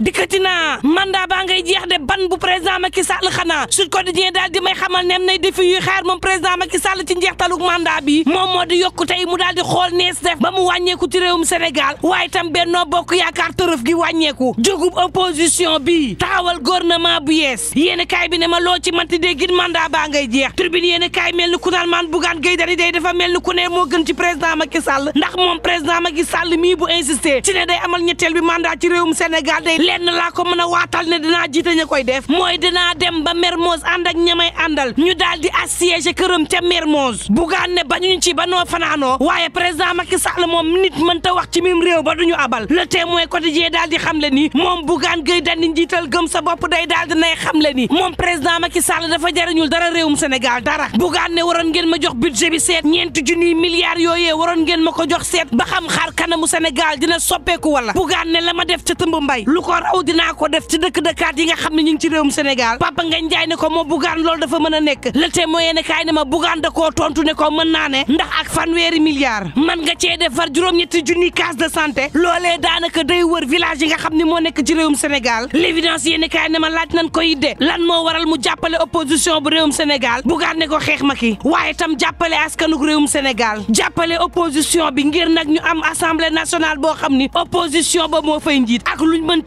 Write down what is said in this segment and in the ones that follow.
dikkati naa mandat baa ngay jeex de ban bu président Macky Sall xanaa Sud Quotidien daal di may xamal nem nay defi yuy xaar moom président Macky Sall ci njeextaluk mandat bi moom moo di yokku tey mu daal di xool nees def ba mu wàññeeku ci réewum Sénégal waaye tam bennoo bokk yaakaar tërëf gi wàññeeku jógub opposition bi taxawal gouvernement bu yees yéen kaay bi ne ma loo ci manti dee gin mandat baa ngay jeex tribune yéen kaay mel ni ku naan maan bugaan géy dari day dafa mel ni ku ne moo gën ci président Macky Sall ndax moom président Macky Sall mii bu insisté ci ne day amal ñetteel bi mandat ci réewum Sénégal day lenn laa ko mën a waatal ne dinaa jiite ña koy def mooy dinaa dem ba Mermoz ànd ak ñamay àndal ñu daal di assiégé këram ca Mermoz bugaan ne bañuñ ci ba noo fanaanoo waaye président Macky Sall moom nit mënta wax ci mim réew ba duñu abal le témoin quotidien daal di xam le nii moom bugaan gëy dandi jiital gëm sa bopp day daal di nay xam le ni moom président Macky Sall dafa jariñul dara mu Sénégal dara bugaan ne waroon ngeen ma jox budget bi seet ñeenti junniy milliards yooyee waroon ngeen ma ko jox seet ba xam xaar kanamu Sénégal dina soppeeku wala bugaan ne la ma def ca tëmb mbay raw dinaa ko def ci dëkk-dëkkaat yi nga xam ne ñu ngi ci réewum Sénégal Papa Ngagne Ndiaye ne ko moo bugaan loolu dafa mën a nekk Le Témoin ne kaay ne ma bugaan da koo tontu ne ko mën naa ne ndax ak fanweeri milliards man nga cee defar juróom-ñetti junni case de sante loole daanaka day wër village yi nga xam ne moo nekk ci réewum senegal l'évidence yéeni kaay ne ma laaj nañ ko yidde lan moo waral mu jàppale opposition bu réewum Sénégal bugaan ne ko xeex ma waaye tam jàppale askanuk réewum Sénégal jàppale opposition bi ngir nag ñu am assemblée nationale boo xam ni opposition ba moo fay njiit ak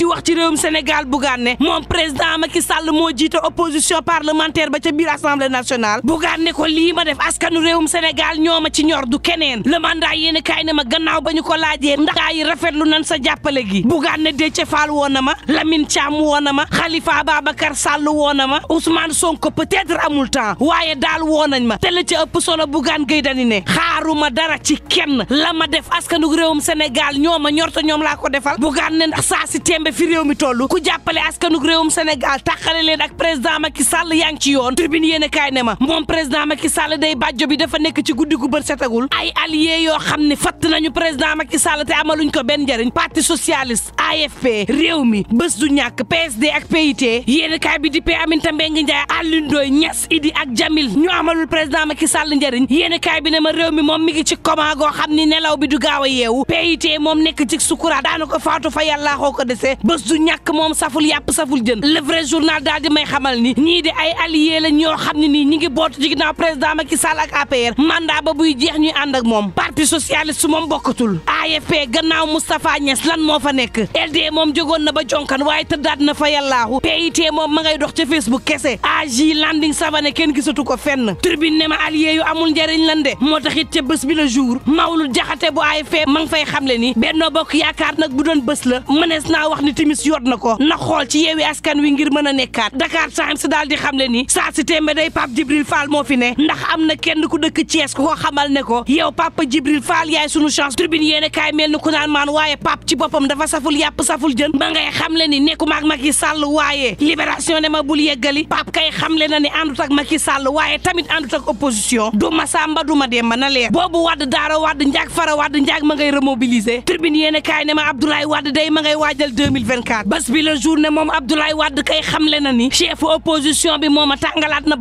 wax ci réewum Sénégal Bougane ne moom président ki Sall moo jiite opposition parlementaire ba ca biir assemblée nationale Bougane ne ko lii ma def askanu réewum Sénégal ñooma ma ci ñor du keneen le mandat yéen kaay ne ma gannaaw ba ñu ko laajee ndax yi rafet lu nan sa jàppale gi Bougane ne Déthié Fall woo na ma Lamine Thiam woo na ma Khalifa Ababacar Sall woo na ma Ousmane Sonko peut-être amul temps waaye daal woo nañ ma te la ci ëpp solo Bougane Gueye Dany ne xaaruma dara ci kenn la ma def askanu réewum Sénégal ñoo ma ñor te ñoom laa ko defal Bougane ne ndax saa si tembe réew mi toll ku jàppale askanug réewum Sénégal tàqale leen ak président Macky Sall yaa ngi ci yoon tribune yéen a kaay ne ma moom président Macky Sall day bàjjo bi dafa nekk ci guddi gu bër setagul ay alliés yoo xam ni fatt nañu président Macky Sall te amaluñ ko benn njëriñ parti socialiste AFP réew mi bés du ñàkk PSD ak PIT yéen a kaay bi di pe Aminata Mbengue Ndiaye Alioune Ndoye Niass Idi ak Jamil ñu amalul président Macky Sall njëriñ yéen a kaay bi ne ma réew mi moom mi ngi ci coma goo xam ni nelaw bi du gaaw a yeewu PIT moom nekk ci sukuraat daana ko faatu fa yàllaa xoo ko dese su du ñàkk moom saful yàpp saful jën le vrai journal daal di may xamal ni ñii di ay alliés la ñoo xam ne nii ñi ngi boot bootu ci ginnaaw président Macky Sall ak APR mandat ba buy jeex ñuy ànd ak moom parti socialiste su moom bokkatul AFP gannaaw Moustapha Niass lan moo fa nekk LD moom jogoon na ba jonkan waaye tëddaat na fa yàllaahu PIT moom ma ngay dox ca Facebook kese AJ Landing Savané kenn gisatu ko fenn turbine ne ma allié yu amul njariñ lande moo tax it ca bés bi la jour Mawlu Jaxate bu AFP ma ngi fay xamle ni Benno Bokk Yaakaar nag bu doon bés la mënees naa wax ni timis yot na ko na xool ci yeewi askan wi ngir mën a nekkaat Dakar Times daal di xamle ni saa si tembe day Pape moo fi ne ndax am na kenn ku dëkk Thiès ku xamal ne ko yow Papa Djibril sunu chance turbine kaay mel ni ku naan maan waaye pap ci boppam dafa saful yàpp saful jën ma ngay xamle ni nekkuma ak Macky Sall waaye libération ne ma bul yeggali pap kay xamle na ni àndut ak Macky Sall waaye tamit àndut ak opposition du ma sàmba du ma demba na leer boobu wadd daara wadd njaag fara wadd njaag ma ngay remobiliser tribune yéene ne ma Abdoulaye Wade day ma waajal 2024 bas bi la journée moom Abdoulaye Wade kay xamle na ni chef opposition bi moom a tàngalaat na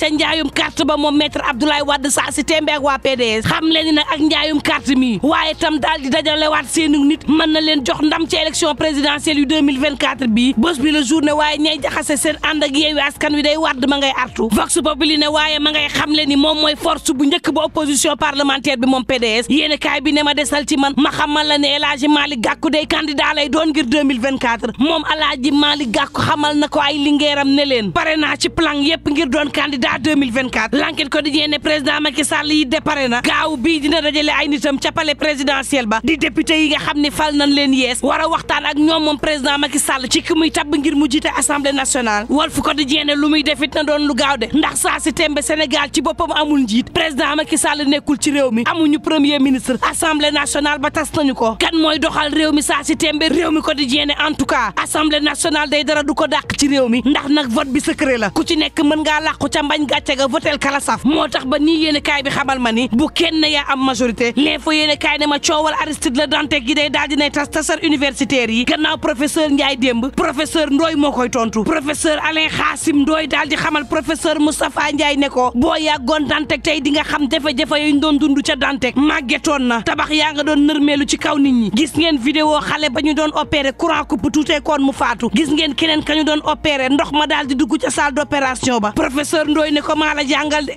ca njaayum carte ba moom maître Abdoulaye Wade saa si tembe ak waa PDS xam leen ni nag ak njaayum carte mi waaye tam daal di dajalewaat seenu nit man na leen jox ndam ci élection présidentielle yu 2024 bi bés bi la journée waaye ñay jaxase seen ànd ak yeewu askan wi day wàdd ma ngay artu vox populi ne waaye ma ngay xam leen ni moom mooy force bu njëkk ba opposition parlementaire bi moom PDS yéen kaay bi ne ma desal ci man ma xamal la ne El Hadji Malick Gakou day candidat lay doon ngir 2024 moom El Hadji Malick Gakou na ko ay lingeeram ne leen pare naa ci plan yépp doon candidat candidat 2024 l'enquête quotidien ne président Macky Sall yi dépare na gaaw bii dina dajale ay nitam ca présidentiel ba di député yi nga xam ne fal nañ leen yees war a waxtaan ak ñoom moom président Macky Sall ci ki muy tabb ngir mu jiite assemblée nationale Walf Quotidien ne lu muy defit na doon lu gaaw de ndax saa si tembe Sénégal ci boppam amul njiit président Macky nekkul ci réew mi amuñu premier ministre assemblée nationale ba tas nañu ko kan mooy doxal réew mi saa si tembe mi Quotidien ne en tout cas assemblée nationale day dara du ko dàq ci réew mi ndax nag vote bi secret la ku ci nekk bañ gàcce ga votel kala saf moo tax ba nii yéen kaay bi xamal ma ni bu kenn yaa am majorité l'info yéen kaay ne ma coowal Aristide Le Dantec gi day daal dinay tas tasar universitaire yi gannaaw professeur Ndiaye démb professeur Ndoy moo koy tontu professeur Alain Xaasim Ndoy daal di xamal professeur Moustapha Ndiaye ne ko boo yàggoon Dantec tey di xam jafe-jafe yuñ doon dund ca Dantec màggetoon na tabax yaa nga doon nërmeelu ci kaw nit ñi gis ngeen vidéo xale ba ñu doon opéré courant coupe tuutee koon mu faatu gis ngeen keneen ka ñu doon opéré ndox ma daal di dugg ca salle d'opération ba koy ne ko maa la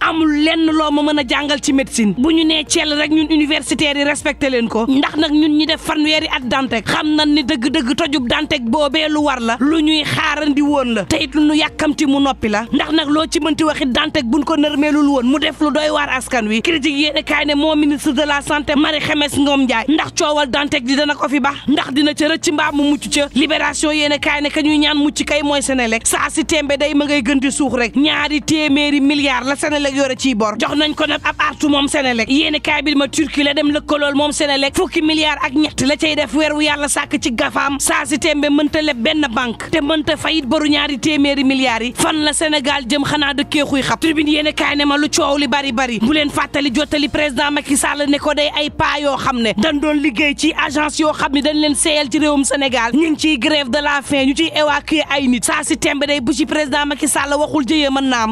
amul lenn loo ma mën a jàngal ci médecine bu ñu nee ceel rek ñun universitaires yi respecté leen ko ndax nag ñun ñi def fanweeri at Dantec xam nañ ni dëgg-dëgg tojub Dantec boobee lu war la lu ñuy xaarandi woon la te it lu ñu yàkkamti mu noppi la ndax nag loo ci mënti waxit Dantec bun ko nërmeelul woon mu def lu doy waar askan wi critique yéene kaay ne moo ministre de la sante santé Marie Khemesse Ngom Ndiaye ndax coowal Dantec di dana ko fi ba ndax dina ca rëcc mbaa mu mucc ca libération yéene kaay ne ka ñuy ñaan mucc kay mooy Senelec saa si tembe day ma gën di rek téeméeri milliards la Senelec yore ciy bor jox nañ ko nag ab artu moom Senelec yéen kaay bi ma turki la dem lëkkalool moom Senelec fukki milliards ak ñett la cay def weer wu yàlla sàkk ci gafaam saa si tembe mënta leb benn banque te mënta fayit boru ñaari téeméeri milliards yi fan la Sénégal jëm xanaa dëkkee xuy xab tribune yéen kaay ne ma lu coow li bari bari bu leen fàttali jottali président Macky Sall ne ko day ay paa yoo xam ne dañ doon liggéey ci agence yoo xam ne dañ leen seeyal ci réewum Sénégal ñu ngi ciy grève de la faim ñu ciy évacuer ay nit saa si tembe day bu ci président Macky Sall waxul jëyee mën naa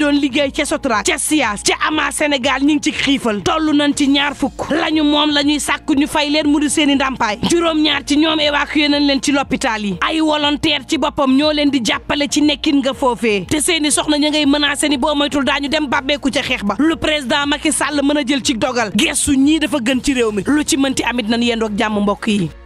yi liggéey ca Sotrac ca Sias ca Ama Sénégal ñi ngi ci xiifal toll nañ ci ñaar fukk lañu moom la ñuy sàkk ñu fay leen mu di seen i ndàmpaay juróom-ñaar ci ñoom évacué nañ leen ci l'hôpital yi ay volontaire ci boppam ñoo leen di jàppale ci nekkin nga foofee te seen soxna ña ngay menacé ni boo moytul daañu dem bàbbeeku ca xeex ba lu président Macky salla mën a jël ci dogal gestu ñii dafa gën ci réew mi lu ci mënti amit nañ yendoog jàmm mbokk yi